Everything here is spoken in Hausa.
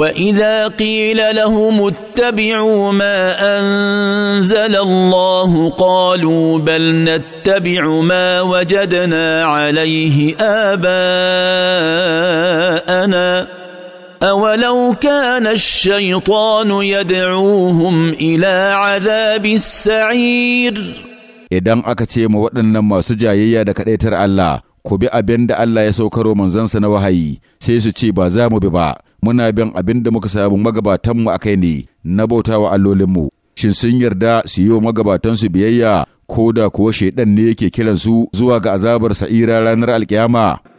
واذا قيل لهم اتبعوا ما انزل الله قالوا بل نتبع ما وجدنا عليه اباءنا اولو كان الشيطان يدعوهم الى عذاب السعير idan aka ce ma waɗannan masu jayayya da kaɗaitar Allah ku bi abin da Allah ya saukaro manzansa na wahayi sai su ce ba za mu bi ba muna bin abin da muka samu magabatanmu a kai ne na bautawa allolinmu shin sun yarda su yi wa magabatansu biyayya ko da kuwa shaidan ne yake kiransu zuwa ga azabar sa'ira ranar alkiyama